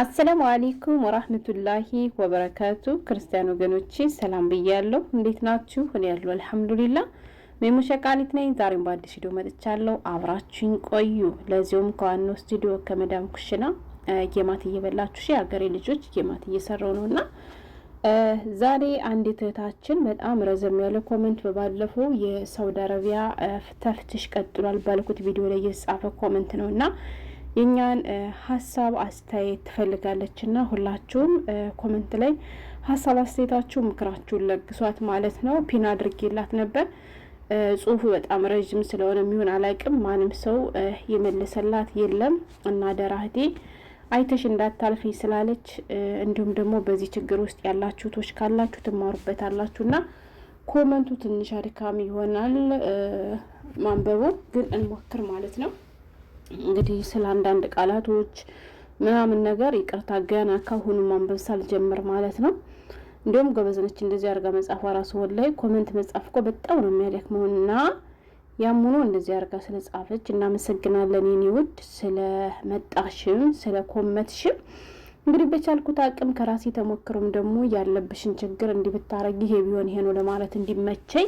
አሰላሙ አሌይኩም ወራህመቱላሂ ወበረካቱ። ክርስቲያን ወገኖቼ ሰላም ብያለሁ። እንዴት ናችሁ? እኔ ያሉ አልሐምዱሊላ። ሜሙ ሸቃሊት ነኝ። ዛሬም በአዲስ ቪዲዮ መጥቻለሁ። አብራችሁኝ ቆዩ። ለዚሁም ከዋናው ስቱዲዮ ከመዳም ኩሽና ጌማት እየበላችሁ ሺ የሀገሬ ልጆች ጌማት እየሰራው ነው እና ዛሬ አንዲት እህታችን በጣም ረዘም ያለ ኮመንት በባለፈው የሳውዲ አረቢያ ተፍትሽ ቀጥሏል ባልኩት ቪዲዮ ላይ የተጻፈ ኮመንት ነው እና የእኛን ሀሳብ አስተያየት ትፈልጋለች እና ሁላችሁም ኮመንት ላይ ሀሳብ አስተያየታችሁ፣ ምክራችሁን ለግሷት ማለት ነው። ፒን አድርጌላት ነበር። ጽሁፉ በጣም ረዥም ስለሆነ የሚሆን አላውቅም። ማንም ሰው የመለሰላት የለም እና ደራህቴ አይተሽ እንዳታልፈኝ ስላለች እንዲሁም ደግሞ በዚህ ችግር ውስጥ ያላችሁ ቶች ካላችሁ ትማሩበት አላችሁና ኮመንቱ ትንሽ አድካሚ ይሆናል ማንበቡ፣ ግን እንሞክር ማለት ነው። እንግዲህ ስለ አንዳንድ ቃላቶች ምናምን ነገር ይቅርታ ገና ካሁኑ ማንበብ ሳልጀምር ማለት ነው። እንዲሁም ጎበዝነች እንደዚህ አድርጋ መጻፏ ራሱ ወል ላይ ኮመንት መጻፍ እኮ በጣም ነው የሚያደክመው እና ሆኖ እንደዚህ አድርጋ ስለ ጻፈች እናመሰግናለን። የኔ ውድ ስለ መጣሽም ስለ ኮመትሽም እንግዲህ በቻልኩት አቅም ከራሴ ተሞክሮም ደግሞ ያለብሽን ችግር እንዲህ ብታረግ ይሄ ቢሆን ይሄ ነው ለማለት እንዲመቸኝ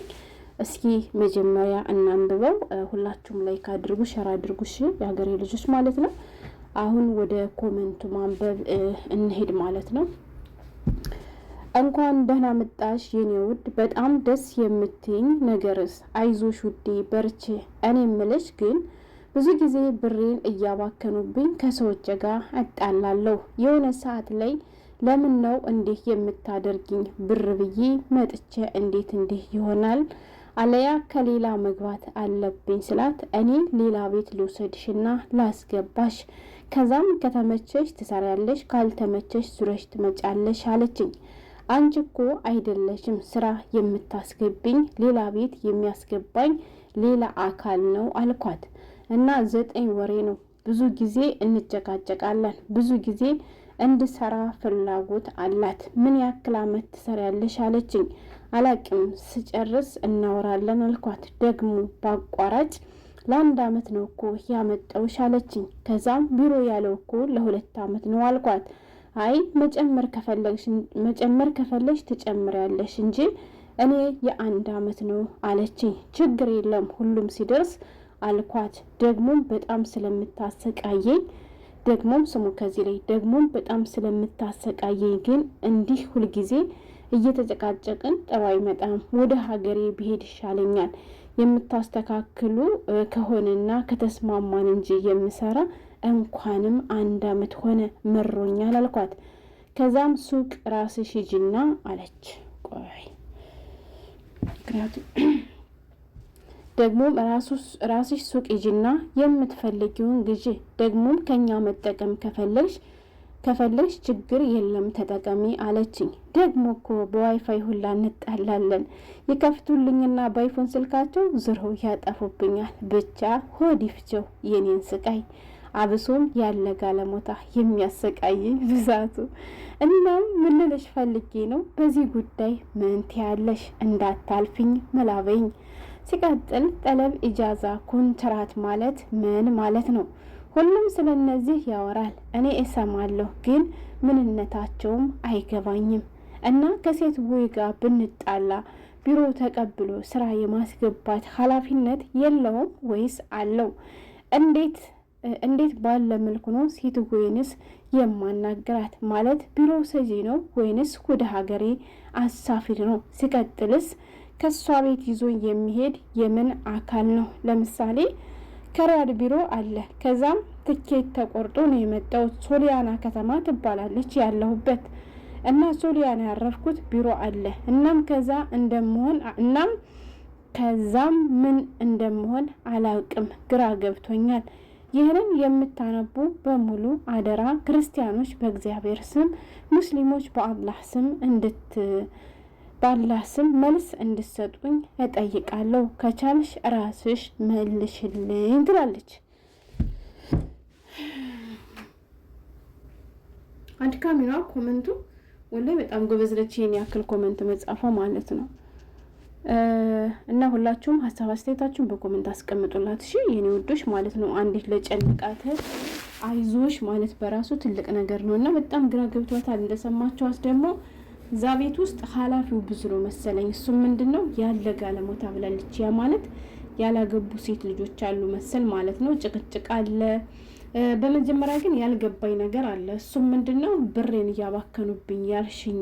እስኪ መጀመሪያ እናንብበው። ሁላችሁም ላይክ አድርጉ፣ ሸር አድርጉ፣ እሺ የሀገሬ ልጆች ማለት ነው። አሁን ወደ ኮመንቱ ማንበብ እንሄድ ማለት ነው። እንኳን ደህና መጣሽ የኔ ውድ፣ በጣም ደስ የምትኝ ነገርስ። አይዞሽ ውዴ በርቼ። እኔ ምልሽ ግን ብዙ ጊዜ ብሬን እያባከኑብኝ ከሰዎች ጋር አጣላለሁ። የሆነ ሰዓት ላይ ለምን ነው እንዲህ የምታደርግኝ? ብር ብዬ መጥቼ እንዴት እንዲህ ይሆናል አለያ ከሌላ መግባት አለብኝ ስላት እኔ ሌላ ቤት ልውሰድሽና ላስገባሽ፣ ከዛም ከተመቸሽ ትሰሪያለሽ፣ ካልተመቸሽ ዙረሽ ትመጫለሽ አለችኝ። አንቺ እኮ አይደለሽም ስራ የምታስገብኝ፣ ሌላ ቤት የሚያስገባኝ ሌላ አካል ነው አልኳት። እና ዘጠኝ ወሬ ነው ብዙ ጊዜ እንጨቃጨቃለን ብዙ ጊዜ እንድሰራ ፍላጎት አላት። ምን ያክል አመት ትሰሪያለሽ አለችኝ። አላቅም ስጨርስ እናወራለን አልኳት። ደግሞ በአቋራጭ ለአንድ አመት ነው እኮ ያመጣውሽ አለችኝ። ከዛም ቢሮ ያለው እኮ ለሁለት አመት ነው አልኳት። አይ መጨመር ከፈለግሽ መጨመር ከፈለግሽ ትጨምሪያለሽ እንጂ እኔ የአንድ አመት ነው አለችኝ። ችግር የለም ሁሉም ሲደርስ አልኳት። ደግሞም በጣም ስለምታሰቃየኝ ደግሞም ስሙ ከዚህ ላይ ደግሞም በጣም ስለምታሰቃየኝ ግን እንዲህ ሁልጊዜ እየተጨቃጨቅን ጠባይ መጣም ወደ ሀገሬ ብሄድ ይሻለኛል የምታስተካክሉ ከሆነና ከተስማማን እንጂ የምሰራ እንኳንም አንድ አመት ሆነ መሮኛል አልኳት። ከዛም ሱቅ ራስሽ ሂጂና አለች። ቆይ ምክንያቱም ደግሞም ራስሽ ሱቅ ይጅና የምትፈልጊውን ግዢ። ደግሞም ከኛ መጠቀም ከፈለግሽ ከፈለግሽ ችግር የለም ተጠቀሚ አለችኝ። ደግሞ እኮ በዋይፋይ ሁላ እንጣላለን። የከፍቱልኝና በአይፎን ስልካቸው ዝርሆ ያጠፉብኛል። ብቻ ሆዲፍቸው የኔን ስቃይ፣ አብሶም ያለ ጋለሞታ የሚያሰቃየኝ ብዛቱ። እናም ምን ፈልጌ ነው በዚህ ጉዳይ ምን ትያለሽ? እንዳታልፍኝ መላበኝ ሲቀጥል ጠለብ ኢጃዛ ኮንትራት ማለት ምን ማለት ነው? ሁሉም ስለ እነዚህ ያወራል፣ እኔ እሰማለሁ፣ ግን ምንነታቸውም አይገባኝም። እና ከሴት ውይ ጋር ብንጣላ ቢሮ ተቀብሎ ስራ የማስገባት ኃላፊነት የለውም ወይስ አለው? እንዴት እንዴት ባለ መልኩ ነው ሴት ወይንስ የማናገራት? ማለት ቢሮ ሰጂ ነው ወይንስ ወደ ሀገሬ አሳፊድ ነው? ሲቀጥልስ ከእሷ ቤት ይዞ የሚሄድ የምን አካል ነው? ለምሳሌ ከሪያድ ቢሮ አለ። ከዛም ትኬት ተቆርጦ ነው የመጣው። ሶሊያና ከተማ ትባላለች ያለሁበት እና ሶሊያና ያረፍኩት ቢሮ አለ። እናም ከዛ እንደምሆን እናም ከዛም ምን እንደምሆን አላውቅም። ግራ ገብቶኛል። ይህንን የምታነቡ በሙሉ አደራ ክርስቲያኖች በእግዚአብሔር ስም፣ ሙስሊሞች በአላህ ስም እንድት ባላህ ስም መልስ እንድሰጡኝ እጠይቃለሁ። ከቻልሽ ራስሽ መልሽልኝ ትላለች። አድካሚኗ ኮመንቱ ወላሂ በጣም ጎበዝ ነች። ይህን ያክል ኮመንት መጻፏ ማለት ነው። እና ሁላችሁም ሀሳብ አስተያየታችሁን በኮመንት አስቀምጡላት። እሺ የኔ ውዶች ማለት ነው። አንዴት ለጨንቃት አይዞሽ ማለት በራሱ ትልቅ ነገር ነው እና በጣም ግራ ገብቷታል። እንደሰማችኋት ደግሞ እዛ ቤት ውስጥ ኃላፊው ብዙ ነው መሰለኝ። እሱም ምንድን ነው ያለ ጋለሞታ ብላለች። ያ ማለት ያላገቡ ሴት ልጆች አሉ መሰል ማለት ነው። ጭቅጭቅ አለ። በመጀመሪያ ግን ያልገባኝ ነገር አለ። እሱም ምንድን ነው ብሬን እያባከኑብኝ ያልሽኝ፣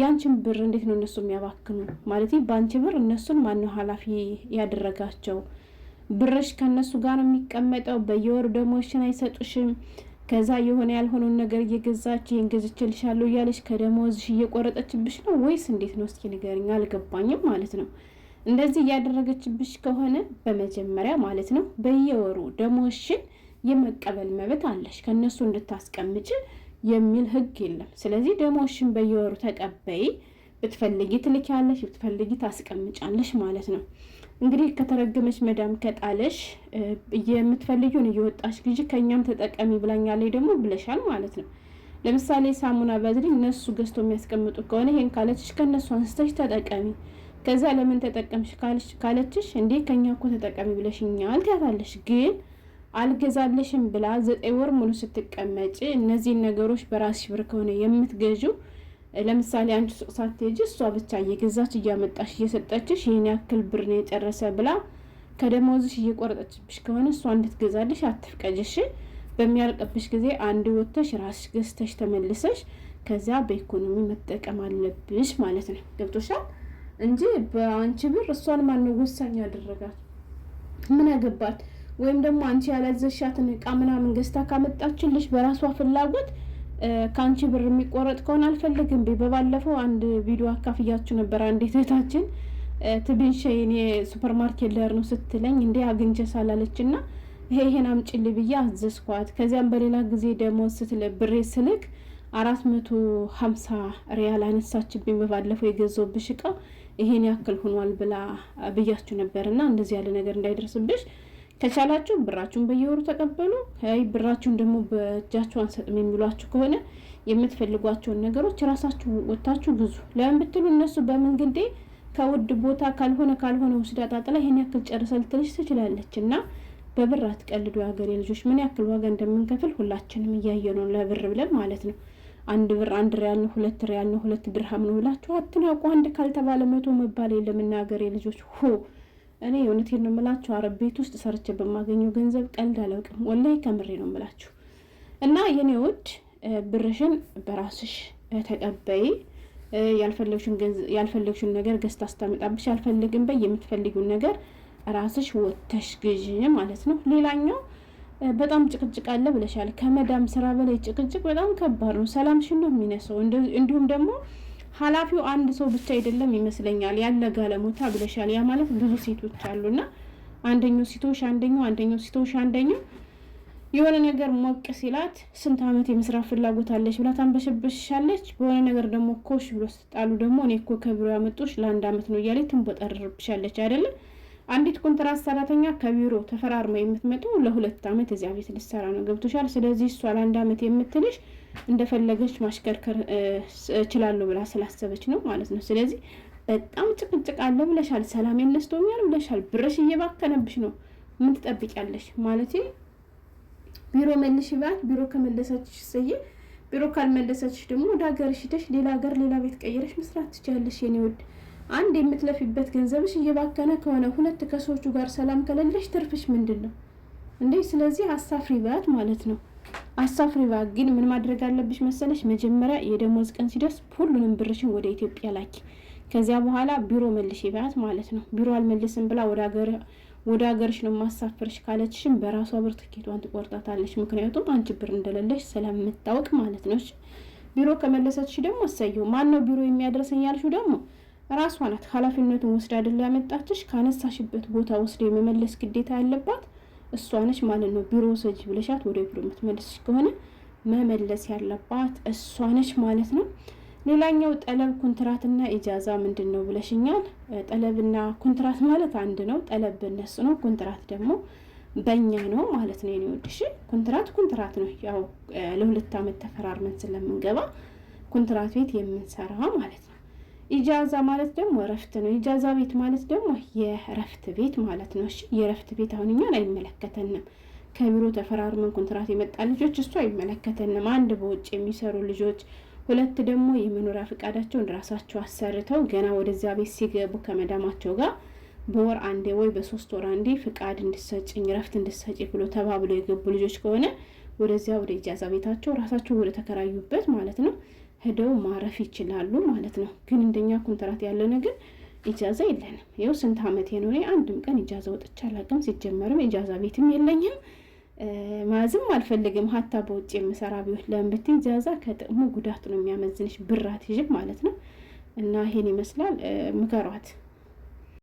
ያንቺን ብር እንዴት ነው እነሱ የሚያባክኑ? ማለት በአንቺ ብር እነሱን ማነው ኃላፊ ያደረጋቸው? ብርሽ ከእነሱ ጋር ነው የሚቀመጠው። በየወሩ ደሞሽን አይሰጡሽም ከዛ የሆነ ያልሆነውን ነገር እየገዛች ይህን ገዝቼልሻለሁ እያለች ከደሞዝሽ እየቆረጠችብሽ ነው ወይስ እንዴት ነው? እስኪ ንገሪኝ፣ አልገባኝም ማለት ነው። እንደዚህ እያደረገችብሽ ከሆነ በመጀመሪያ ማለት ነው በየወሩ ደሞዝሽን የመቀበል መብት አለሽ፣ ከእነሱ እንድታስቀምጭ የሚል ህግ የለም። ስለዚህ ደሞዝሽን በየወሩ ተቀበይ፣ ብትፈልጊ ትልኪያለሽ፣ ብትፈልጊ ታስቀምጫለሽ ማለት ነው። እንግዲህ ከተረገመች መዳም ከጣለሽ የምትፈልጊውን እየወጣሽ ግዢ ከእኛም ተጠቀሚ ብላኛለች ደግሞ ብለሻል ማለት ነው። ለምሳሌ ሳሙና በድሪ እነሱ ገዝቶ የሚያስቀምጡ ከሆነ ይሄን ካለችሽ ከእነሱ አንስተሽ ተጠቀሚ። ከዛ ለምን ተጠቀምሽ ካለችሽ እንዴ ከኛ እኮ ተጠቀሚ ብለሽኛል ትያታለሽ። ግን አልገዛለሽም ብላ ዘጠኝ ወር ሙሉ ስትቀመጭ እነዚህን ነገሮች በራስሽ ብር ከሆነ የምትገዢው ለምሳሌ አንቺ ሱቅ ሳትሄጂ እሷ ብቻ እየገዛች እያመጣሽ እየሰጠችሽ ይህን ያክል ብር ነው የጨረሰ ብላ ከደሞዝሽ እየቆረጠችብሽ ከሆነ እሷ እንድትገዛልሽ አትፍቀጅሽ። በሚያልቅብሽ ጊዜ አንድ ወጥተሽ ራስሽ ገዝተሽ ተመልሰሽ ከዚያ በኢኮኖሚ መጠቀም አለብሽ ማለት ነው። ገብቶሻል? እንጂ በአንቺ ብር እሷን ማነው ወሳኝ ያደረጋት? ምን ያገባት? ወይም ደግሞ አንቺ ያላዘሻትን እቃ ምናምን ገዝታ ካመጣችልሽ በራሷ ፍላጎት ከአንቺ ብር የሚቆረጥ ከሆነ አልፈልግም። ቤ በባለፈው አንድ ቪዲዮ አካፍያችሁ ነበር። አንዲት እህታችን ትብን ሸይን የሱፐር ማርኬት ለር ነው ስትለኝ እንዴ አግኝቼ ሳላለች ና ይሄ ይሄን አምጪል ብዬ አዘዝኳት። ከዚያም በሌላ ጊዜ ደግሞ ስትለ ብሬ ስልክ አራት መቶ ሀምሳ ሪያል አነሳችብኝ። በባለፈው የገዛሁብሽ እቃ ይሄን ያክል ሆኗል ብላ ብያችሁ ነበር እና እንደዚህ ያለ ነገር እንዳይደርስብሽ ከቻላችሁ ብራችሁን በየወሩ ተቀበሉ። ብራችሁን ደግሞ በእጃችሁ አንሰጥም የሚሏችሁ ከሆነ የምትፈልጓቸውን ነገሮች ራሳችሁ ወጥታችሁ ግዙ። ለምን ብትሉ እነሱ በመንገዴ ከውድ ቦታ ካልሆነ ካልሆነ ውስዳ ጣጥላ ይህን ያክል ጨርሰ ልትልሽ ትችላለች እና በብር አትቀልዱ። የሀገሬ ልጆች ምን ያክል ዋጋ እንደምንከፍል ሁላችንም እያየ ነው። ለብር ብለን ማለት ነው። አንድ ብር አንድ ሪያል ነው፣ ሁለት ሪያል ነው፣ ሁለት ድርሃም ነው ብላችሁ አትናቁ። አንድ ካልተባለ መቶ መባል የለምና ሀገሬ ልጆች ሆ እኔ እውነቴን ነው የምላችሁ፣ አረብ ቤት ውስጥ ሰርቼ በማገኘው ገንዘብ ቀልድ አላውቅም። ወላይ ከምሬ ነው የምላችሁ። እና የኔ ውድ ብርሽን በራስሽ ተቀበይ። ያልፈለግሽን ነገር ገዝታ አስተምጣብሽ አልፈልግም በይ። የምትፈልጊውን ነገር ራስሽ ወተሽ ግዥ ማለት ነው። ሌላኛው በጣም ጭቅጭቅ አለ ብለሻል። ከመዳም ስራ በላይ ጭቅጭቅ በጣም ከባድ ነው። ሰላምሽን ነው የሚነሳው። እንዲሁም ደግሞ ኃላፊው አንድ ሰው ብቻ አይደለም ይመስለኛል። ያለ ጋለሞታ ብለሻል። ያ ማለት ብዙ ሴቶች አሉና አንደኛው ሲቶሽ አንደኛው አንደኛው ሲቶሽ አንደኛው የሆነ ነገር ሞቅ ሲላት ስንት ዓመት የምስራ ፍላጎት አለች ብላ ታንበሸበሽሻለች። በሆነ ነገር ደግሞ ኮሽ ብሎ ስጣሉ ደግሞ እኔ እኮ ከቢሮ ያመጡሽ ለአንድ ዓመት ነው እያለች ትንቦጠርብሻለች አይደለም። አንዲት ኮንትራት ሰራተኛ ከቢሮ ተፈራርማ የምትመጡ ለሁለት ዓመት እዚያ ቤት ልሰራ ነው ገብቶሻል። ስለዚህ እሷ ለአንድ ዓመት የምትልሽ እንደፈለገች ማሽከርከር እችላለሁ ብላ ስላሰበች ነው ማለት ነው። ስለዚህ በጣም ጭቅጭቅ አለ ብለሻል፣ ሰላም የነስቶኛል ብለሻል፣ ብረሽ እየባከነብሽ ነው። ምን ትጠብቂያለሽ? ማለት ቢሮ መልሽ ይባል። ቢሮ ከመለሰችሽ ሰዬ፣ ቢሮ ካልመለሰችሽ ደግሞ ወደ ሀገር ሽደሽ ሌላ ሀገር ሌላ ቤት ቀይረሽ መስራት ትችላለሽ የኔ ውድ። አንድ የምትለፊበት ገንዘብሽ እየባከነ ከሆነ ሁለት ከሰዎቹ ጋር ሰላም ከሌለሽ ትርፍሽ ምንድን ነው? እንዴ ስለዚህ አሳፍሪ ባት ማለት ነው። አሳፍሪ ባት ግን ምን ማድረግ አለብሽ መሰለሽ? መጀመሪያ የደሞዝ ቀን ሲደርስ ሁሉንም ብርሽን ወደ ኢትዮጵያ ላኪ። ከዚያ በኋላ ቢሮ መልሽ ባት ማለት ነው። ቢሮ አልመልስም ብላ ወደ ሀገር ወደ ሀገርሽ ነው ማሳፈርሽ ካለችሽም በራሷ ብር ትኬቷን ትቆርጣታለች። ምክንያቱም አንቺ ብር እንደሌለሽ ስለምታውቅ ማለት ነው። ቢሮ ከመለሰች ደግሞ እሰየው። ማን ነው ቢሮ የሚያደርሰኝ ያልሽው? ደግሞ ራሷ ናት። ኃላፊነቱን ወስዳ አይደል ያመጣችሽ። ካነሳሽበት ቦታ ወስዶ የመመለስ ግዴታ ያለባት እሷ ነች ማለት ነው። ቢሮ ሰጅ ብለሻት ወደ ቢሮ የምትመልስሽ ከሆነ መመለስ ያለባት እሷ ነች ማለት ነው። ሌላኛው ጠለብ ኮንትራትና ኢጃዛ ምንድን ነው ብለሽኛል። ጠለብና ኮንትራት ማለት አንድ ነው። ጠለብ በነሱ ነው፣ ኮንትራት ደግሞ በእኛ ነው ማለት ነው። የኔ ወድሽ ኮንትራት ኮንትራት ነው። ያው ለሁለት ዓመት ተፈራርመን ስለምንገባ ኮንትራት ቤት የምንሰራ ማለት ነው። ኢጃዛ ማለት ደግሞ እረፍት ነው። ኢጃዛ ቤት ማለት ደግሞ የእረፍት ቤት ማለት ነው። እሺ የእረፍት ቤት አሁን እኛን አይመለከተንም። ከቢሮ ተፈራርመን ኮንትራት የመጣ ልጆች እሱ አይመለከተንም። አንድ በውጭ የሚሰሩ ልጆች፣ ሁለት ደግሞ የመኖሪያ ፈቃዳቸውን ራሳቸው አሰርተው ገና ወደዚያ ቤት ሲገቡ ከመዳማቸው ጋር በወር አንዴ ወይ በሶስት ወር አንዴ ፍቃድ እንድሰጭኝ እረፍት እንድሰጭ ብሎ ተባብሎ የገቡ ልጆች ከሆነ ወደዚያ ወደ ኢጃዛ ቤታቸው ራሳቸው ወደ ተከራዩበት ማለት ነው ሄደው ማረፍ ይችላሉ ማለት ነው። ግን እንደኛ ኮንትራት ያለ ግን ኢጃዛ የለንም። ይኸው ስንት አመት የኖሬ አንድም ቀን ኢጃዛ ወጥቼ አላውቅም። ሲጀመርም ኢጃዛ ቤትም የለኝም ማዝም አልፈልግም። ሀታ በውጭ የምሰራ ቢሆን ለምብት ኢጃዛ ከጥቅሙ ጉዳት ነው የሚያመዝንሽ ብራት ይዥብ ማለት ነው። እና ይሄን ይመስላል ምከሯት።